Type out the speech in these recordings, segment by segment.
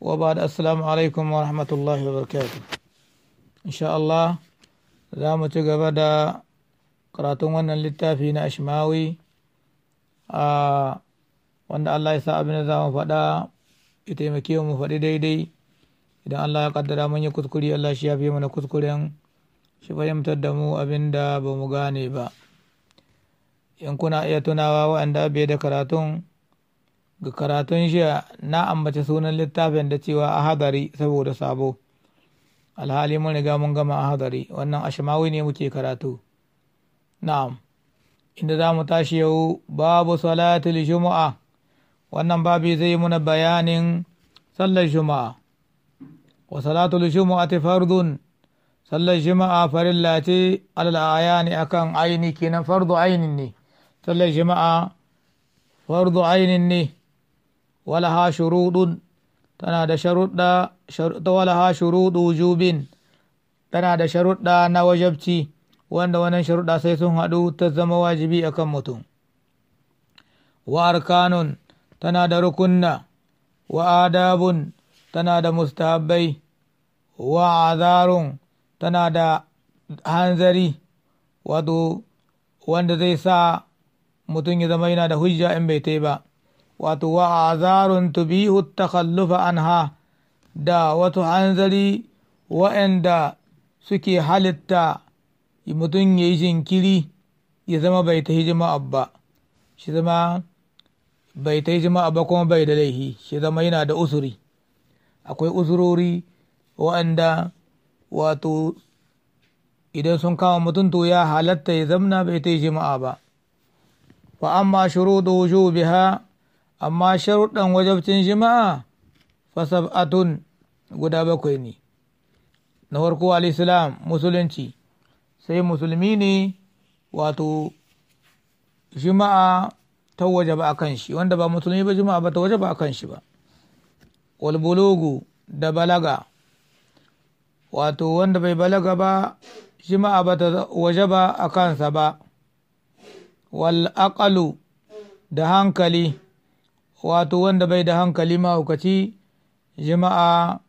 wa ba da assalamu alaikum wa rahmatullahi wa barakatu insha Allah za mu ci gaba da karatun wannan littafi na ashmawi a wanda Allah ya sa abin da za mu faɗa ya taimake mu faɗi daidai idan Allah ya kaddara mun yi kuskure Allah shi ya fi mana kuskuren shi fahimtar da mu abin da ba mu gane ba in kuna iya tunawa waɗanda bai da karatun ga karatun jiya na ambaci sunan littafin da cewa a hadari saboda sabo alhali mun riga mun gama a ahadari wannan ashimawi ne muke karatu na'am inda za mu tashi yau babu salatul juma'a wannan babi zai muna bayanin sallar juma'a wa salatul ta fardun sallar juma'a farilla ce alal ayani akan aini kenan fardu ainin ne sallar juma'a fardu ainin ne walaha shurudun tana da sharuɗa jubin tana da sharuɗa na wajabci wanda wannan sharuɗa sai sun haɗu ta zama wajibi akan mutum wa arkanun tana da rukunna wa adabun tana da mustahabbai wa tana da hanzari wato wanda zai sa mutum ya zama yana da hujja in bai tai ba wato wa azarun tubihu takhallufa anha da wato hanzari wa'anda suke halitta mutum ya yi jinkiri ya zama bai ta hijima ba shi zama bai ta jima'a ba kuma bai da laihi shi zama yana da usuri akwai usurori wa'anda wato idan sun kama mutum to ya halatta ya zamna bai ta jima'a ba fa amma wujo biha. amma sharuɗan wajabcin jima'a fasab'atun guda bakwai ne na farko al'islam musulunci sai musulmi ne wato jima'a ta waje ba a kan shi wanda ba musulmi ba jima'a ba ta waje ba a kan shi ba walbulugu da balaga wato wanda bai balaga ba jima'a ba ta waje ba a kansa ba wal'aƙalu da hankali wato wanda bai da hankali maaukaci jima'a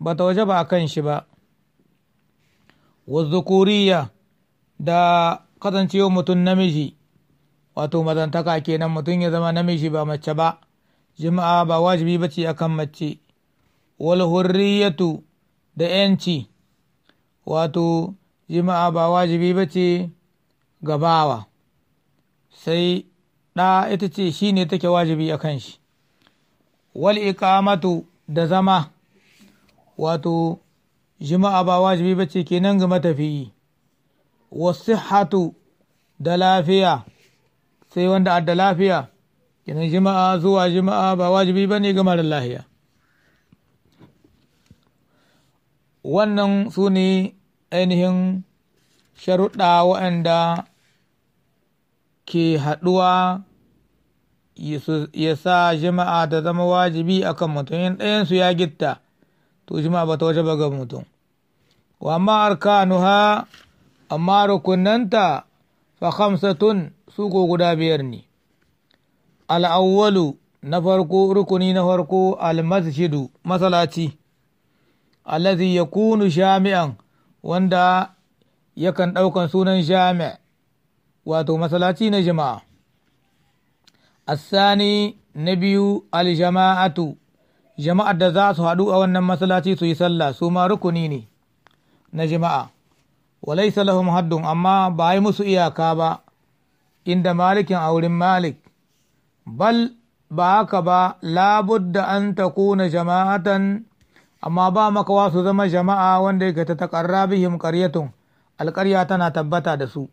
ba ta waje ba a kan shi ba wazzukuriya da kasancewa mutum namiji wato mazantaka kenan mutum ya zama namiji ba mace ba jima'a ba wajibi ba ce akan mace walhurriyatu da yanci wato jima'a ba wajibi ba ce gabawa sai ɗa ita ce shi ne take wajibi a kan shi wali iqamatu da zama wato jima'a ba wajibi ba ce kenan ga matafiyi wasihatu da lafiya sai wanda adda lafiya kenan jima'a zuwa jima'a ba wajibi ba ne ga marar lahiya wannan su ne ainihin sharuɗa waɗanda ke haɗuwa ya sa jima'a ta zama wajibi akan mutum in ɗayansu ya gitta to jima'a ba ta waje ba ga mutum wa amma arkanuha amma rukunanta fa khamsatun su ko guda biyar ne al'awwalu na farko rukuni na farko almasjidu masalaci ya kunu shami'an wanda yakan ɗaukan sunan shami'a wato masalaci na jima'a asani na biyu aljama'atu jama'ar da za su haɗu a wannan masallaci su yi sallah su ma rukuni ne na jama'a walaisa lahum haddun amma ba yi musu iyaka ba inda malikin a wurin malik bal ba haka ba labudda an takuna jama'atan amma ba makawa su zama jama'a wanda yake ta taƙarra bihim ƙaryatun alƙarya tana tabbata da su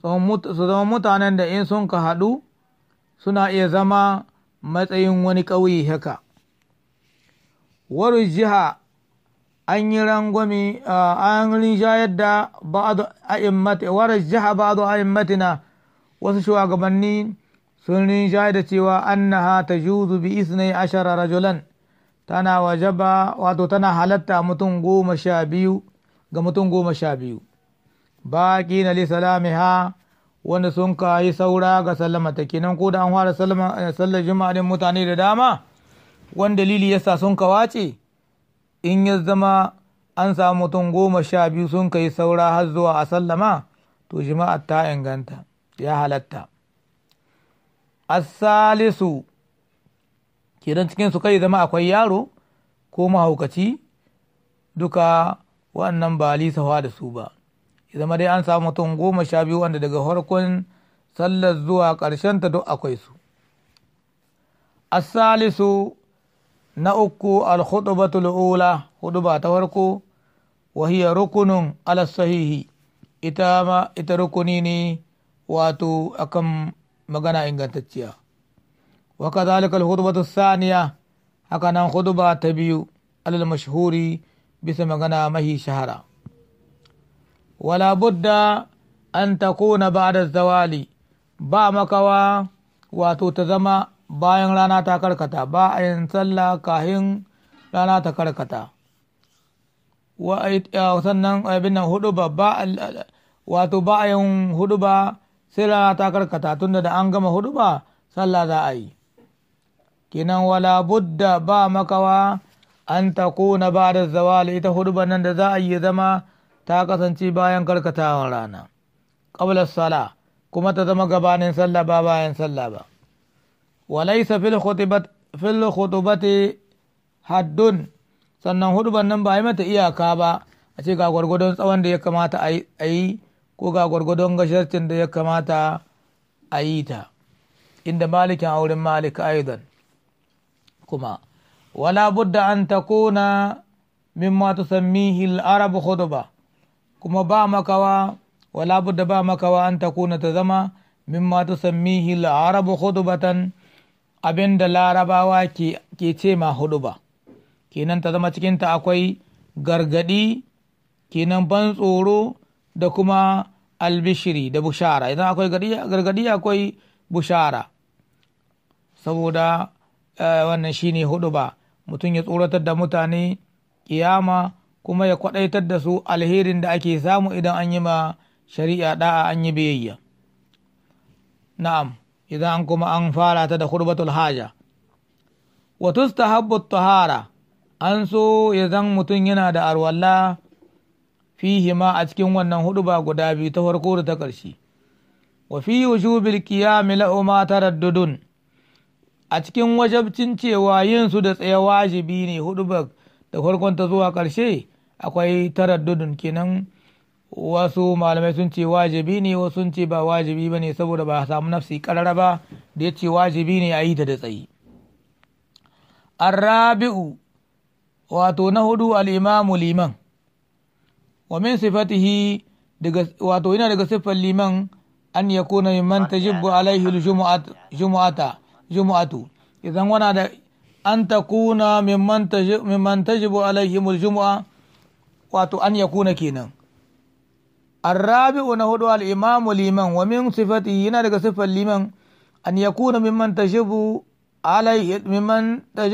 su zama mutanen da in sun ka haɗu suna iya zama matsayin wani ƙauye haka Waru jiha an yi a an da jiha wasu shugabanni sun rinjayar da cewa annaha ta juzu bi isnai ashara rajulan tana wajaba wato tana halatta mutum goma sha biyu ga mutum goma sha biyu baƙi na lisa lamiha wanda sun ka yi saura ga sallama ta kenan ko da an fara eh, sallar juma'a din mutane da dama wani dalili yasa sun ka wace in ya zama an samu mutum goma sha biyu sun ka yi saura har zuwa a sallama to juma'a ta inganta ya halatta asalisu kidan cikin su kai zama akwai yaro ko mahaukaci duka wannan ba Lisa da su ba ya zama dai an samu mutum goma sha biyu wanda daga farkon sallar zuwa ƙarshen ta duk akwai su asalisu na uku alhudubatul ula huduba ta farko wahiya rukunin alasahihi ita ma ita rukuni ne wato akan magana ingantacciya wa kadhalika alhudubatu saniya haka nan huduba ta biyu alal mashhuri bisa magana mahi shahara wala budda an takuna ba'da zawali ba makawa wato ta zama bayan rana ta karkata ba a yin sallah kahin rana ta karkata sannan abin nan hudu ba wato ba a yin hudu sai rana ta karkata tunda da an gama hudu sallah za a yi kinan wala budda ba makawa an takuna zawali ita hudu nan da za a yi zama ta kasance bayan karkatawan rana ƙaular sala kuma ta zama gabanin sallah ba bayan sallah ba walaisa fil khutubati haddun sannan hudubar nan ba yi mata iyaka ba a ce ga gwargwadon tsawon da ya kamata a yi ko ga gwargwadon gasharcin da ya kamata a yi ta inda malikin auren malik aidan kuma wala budda an takuna mimma tusammihi al-arab khutba kuma ba makawa wala budda ba makawa an takuna ta zama mimma tusammihi al-arabu abin abinda larabawa ke ce ma huduba kenan ta zama cikinta akwai gargadi kenan ban tsoro da kuma albishiri da bushara idan akwai gargadi akwai bushara saboda eh, wannan shine hudu ba mutum ya tsoratar da mutane kiyama kuma ya kwaɗaitar da su alherin da ake samu idan an yi ma shari'a da'a an yi biyayya na'am idan an kuma an fara ta da hurbatul haja wa tustahabbu tahara an so ya zan mutum yana da arwalla fihi ma a cikin wannan huduba guda biyu ta farko da ta ƙarshe wa fi wujubil qiyami lahu ta raddudun a cikin wajabcin cewa yin su da tsaye wajibi ne hudubar da farkon ta zuwa karshe akwai taraddudun kenan wasu malamai sun ce wajibi ne wasu sun ce ba wajibi ba ne saboda ba a samu nafsi karara ba da ya ce wajibi ne a yi ta da tsayi arrabi'u wato na hudu al'imamu liman wa min sifatihi wato yana daga siffar liman an ya kuna liman ta jibbu alaihi jumu'ata jumu'atu idan wana da an ta kuna mimman ta jibo alaihimul juma'a wato an ya kuna kenan arrabi'u na hudu al'imamu liman wa min sifati yana daga siffar liman an ya kuna mimman ta jibo mimman ta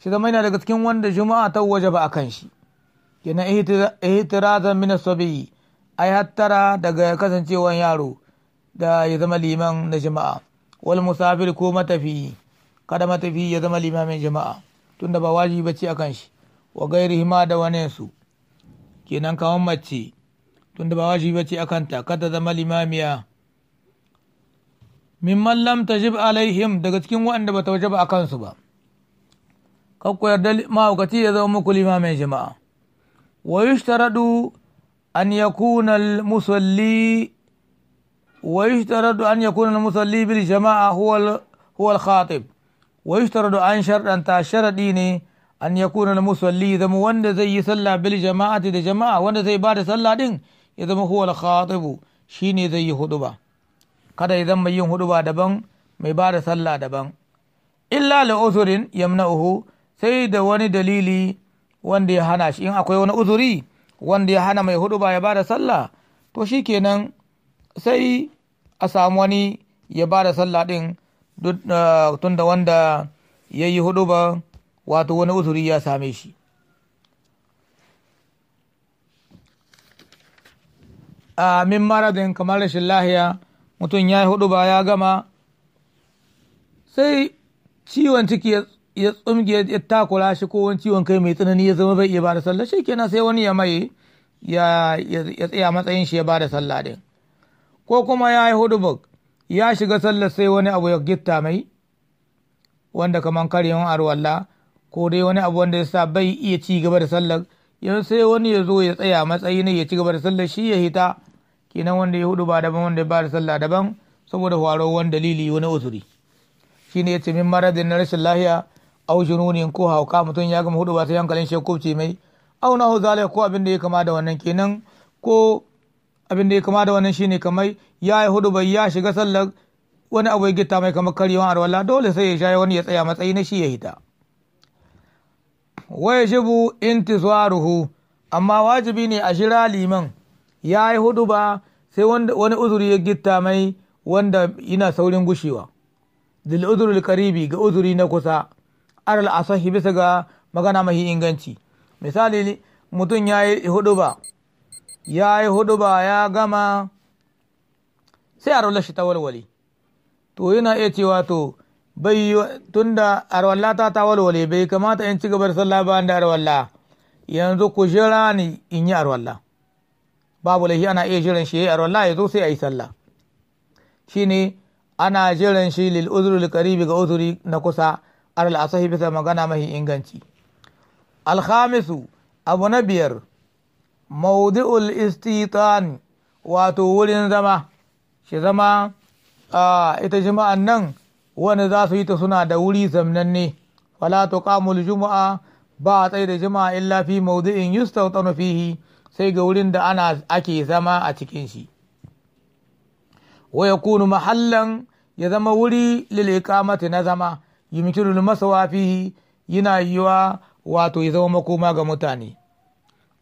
shi zama yana daga cikin wanda juma'a ta waje ba a kan shi yana ihtirazan min sabiyi ai hattara daga kasancewan yaro da ya zama liman na juma'a wal musafir ko matafiyi kada matafi ya zama limamin jama'a tunda ba wajibi bace akan shi wa gairi hima da wanensu kenan kawan mace tunda ba wajibi bace akan ta kada zama limamiya min mallam ta tajib alaihim daga cikin waɗanda bata wajaba a kansu ba kakku yarda mahaukaci ya zama muku limamin jama'a wa yushtaradu an yakuna al-musalli ويشترط أن يكون المصلي بالجماعة هو هو الخاطب wa yushtaradu an sharɗanta sharaɗi ne an yakuna musalli zama wanda zai yi sallah bil jama'a jama'ati da jama'a wanda zai ba da sallah ɗin, ya zama huwa al shi ne zai yi huɗuba. kada ya zama yin huduba daban mai ba da sallah daban illa la uzurin yamna'uhu sai da wani dalili wanda ya hana shi in akwai wani uzuri wanda ya hana mai huduba ya ba da sallah to shi kenan sai a samu wani ya ba da sallah ɗin? Ah, tun da wanda ya yi hudu ba wato wani uzuri ya same shi a min maradin kamar rashin lahiya mutum ya yi hudu ba ya gama sai ciwon ciki ya tsumge ya takura shi ko wani ciwon kai mai tsanani ya zama bai iya bada sallah shi kenan sai wani ya mai ya tsaya matsayin shi ya bada sallah din ko kuma ya yi hudu ya shiga sallar sai wani abu ya gitta mai wanda kaman karyewan arwalla ko dai wani abu wanda ya sa bai iya ci gaba da sallar yanzu sai wani ya zo ya tsaya matsayi ne ya ci gaba da sallar shi ya hita kenan wanda ya hudu ba daban wanda ya ba da sallah daban saboda horo wani dalili wani uzuri shine ya ce min maradin na rashin lahiya au jununin ko hauka mutum ya gama hudu ba sai hankalin shi kubce mai au na ko abin da ya kama da wannan kenan ko abin da ya kama da wannan shine kamar ya yi hudu bai ya shiga sallar wani abu ya gita mai kamar karyewan arwala dole sai ya shaye wani ya tsaya matsayi na shi ya hita bu in intiswaruhu amma wajibi ne a shira liman ya yi hudu ba sai wani uzuri ya gitta mai wanda yana saurin gushewa dil uzuri karibi ga uzuri na kusa aral asahi bisa ga magana mahi inganci misali mutum ya yi hudu ba ya yi hudu ba ya gama sai rola shi ta walwale to yana iya cewa to bai da arwalla ta ta walwale bai kamata in ci gaba da sallah ba da arwalla yanzu ku jira ni in yi arwalla babu laifi ana iya jiran shi yi arwalla ya zo sai ayi sallah shine ana jiran shi lil uzuri lil karibi ga uzuri na kusa ar al asahi bisa magana mahi inganci al khamisu abu na biyar maudu'ul istitan wato wurin zama shi zama ita jima'an nan Wani za su yi ta suna da wuri zamnanne wala kamul juma'a ba a tsaye da jima'a illa fi maudu'in yustawtanu fihi sai ga wurin da ana ake zama a cikin shi wa yakunu mahallan ya zama wuri lil iqamati na zama yumkinu masawa fihi yana yiwa wato ya zama makoma ga mutane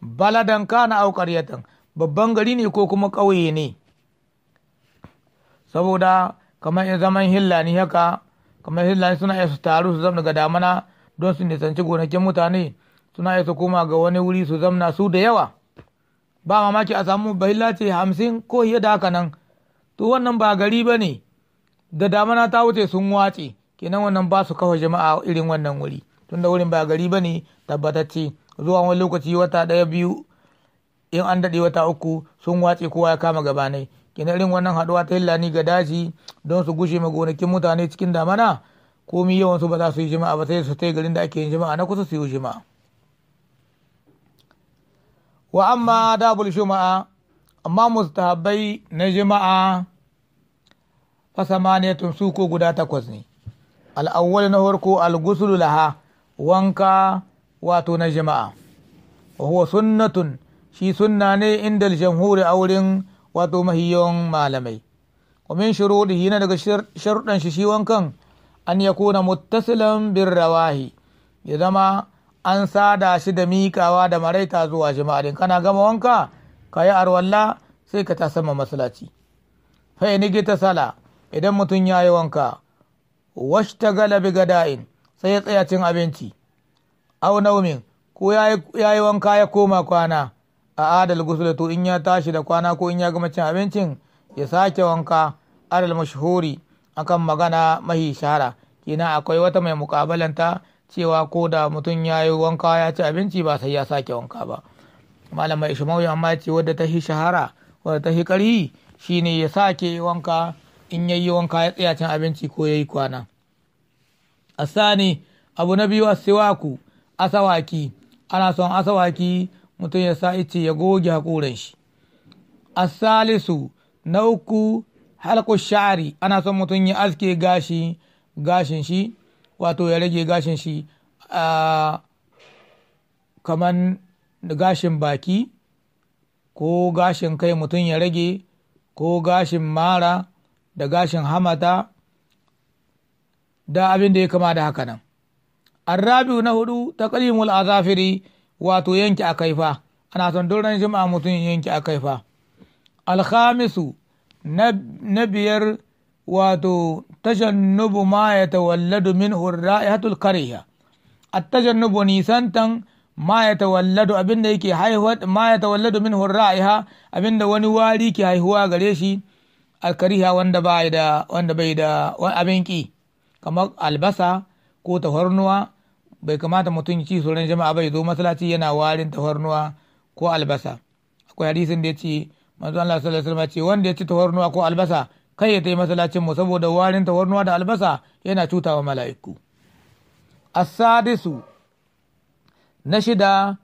baladan kana au babban gari ne ko kuma ƙauye ne saboda kamar in zaman hillani haka kamar hillani suna iya su taru su zama daga damana don su nisanci gonakin mutane suna iya su koma ga wani wuri su zamna su da yawa ba mamaki a samu bahilla ce hamsin ko fiye da haka nan to wannan ba gari ba ne da damana ta wuce sun watse kenan wannan ba su kawo jama'a irin wannan wuri tunda wurin ba gari ba ne tabbatacce zuwa wani lokaci wata ɗaya biyu in an daɗe wata uku sun watse kowa ya kama gabanai kina irin wannan haɗuwa ta hillani ga daji don su gushe ma gonakin mutane cikin damana komi yawan su ba za su yi jima'a ba sai su tai garin da ake yin jima'a na kusa su yi jima'a wa amma dabul shuma'a amma mustahabbai na jima'a fa tun su ko guda takwas ne al'awwal na farko al laha wanka wato na jama'a wa huwa sunnatun shi sunna ne inda jamhuri a wurin wato mahiyon malamai wa min shuruɗihi na daga sharuɗan shi shi wankan an ya kuna muttasilan bin rawahi ya zama an sada shi da miƙawa da maraita zuwa jama'a din kana gama wanka ka yi arwalla sai ka ta sama masallaci fa ni gita sala idan mutum ya yi wanka washta galabi gada'in sai ya tsaya cin abinci au naumin ko ya yi wanka ya koma kwana a adal gusul to in ya tashi da kwana ko in ya gama cin abincin ya sake wanka adal mashhuri akan magana mahi shahara kina akwai wata mai mukabalanta cewa ko da mutum ya yi wanka ya ci abinci ba sai ya sake wanka ba malama ishmawi amma ce wadda ta hi shahara wadda ta hi ƙarhi shine ya sake wanka in ya yi wanka ya tsaya cin abinci ko ya yi kwana asani abu na biyu a asiwaku asawaki ana son asawaki mutum ya sa ice ya goge hakoran shi asalisu na uku halko sha'ari ana son mutum ya aske gashi gashin shi wato ya rage gashin shi a kaman gashin baki ko gashin kai mutum ya rage ko gashin mara da gashin hamata da abin da ya kama da haka nan arrabiu na hudu kalimul azafiri wato yanke akaifa ana son doron jima'a mutum yanke kaifa. alkhamisu na biyar wato tashannubu ma ya tawalladu min ra'ihatul kariya at-tajannubu nisantan ma ya tawalladu abinda yake haihuwa ma ya tawalladu min abinda wani wari ke haihuwa gare shi alkariha wanda bai da wanda bai da abin ki kamar albasa ko tafarnuwa bai kamata mutum ci sauran jama'a bai zo masallaci yana warin tafarnuwa ko albasa akwai hadisin da ya ce manzo Allah sallallahu alaihi wasallam ce wanda ya ci tafarnuwa ko albasa kai ya tai masalacin mu saboda warin tafarnuwa da albasa yana cutawa mala'iku asadisu na shida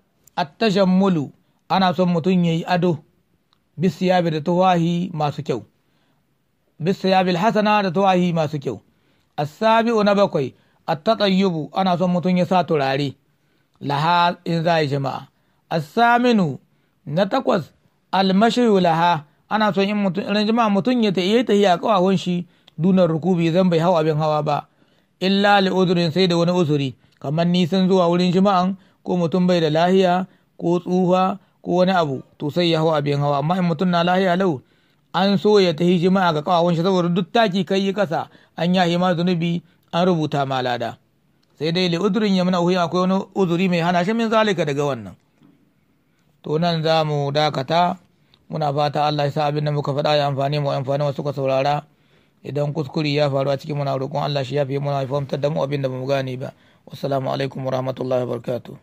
tashan Mulu, ana son mutum ya yayi ado bi da tawahi masu kyau bisiyabil hasana da tawahi masu kyau A sabiu na bakwai at-tatayyubu ana son mutum ya sa turare laha in za yi jama'a saminu na takwas almashiru laha ana son in mutum irin jama'a mutum ya tayi tahiya kawahon shi dunar rukubi zan bai hau abin hawa ba illa li uzurin sai da wani uzuri kamar nisan zuwa wurin jima'a ko mutum bai da lahiya ko tsufa ko wani abu to sai ya hau abin hawa amma in mutum na lahiya lau an so ya tahi jima'a ga kawawon shi saboda duk taki kai yi kasa an yahi ma zunubi an rubuta ma sai dai li udurin ya muna uhiya akwai wani uzuri mai hana shi min zalika daga wannan to nan za mu dakata muna fata Allah ya sa abin da muka faɗa ya amfani mu amfani wasu ka saurara idan kuskure ya faru a cikin muna roƙon Allah shi ya fi muna fahimtar da mu abin da mu gane ba wassalamu alaikum warahmatullahi wabarakatuh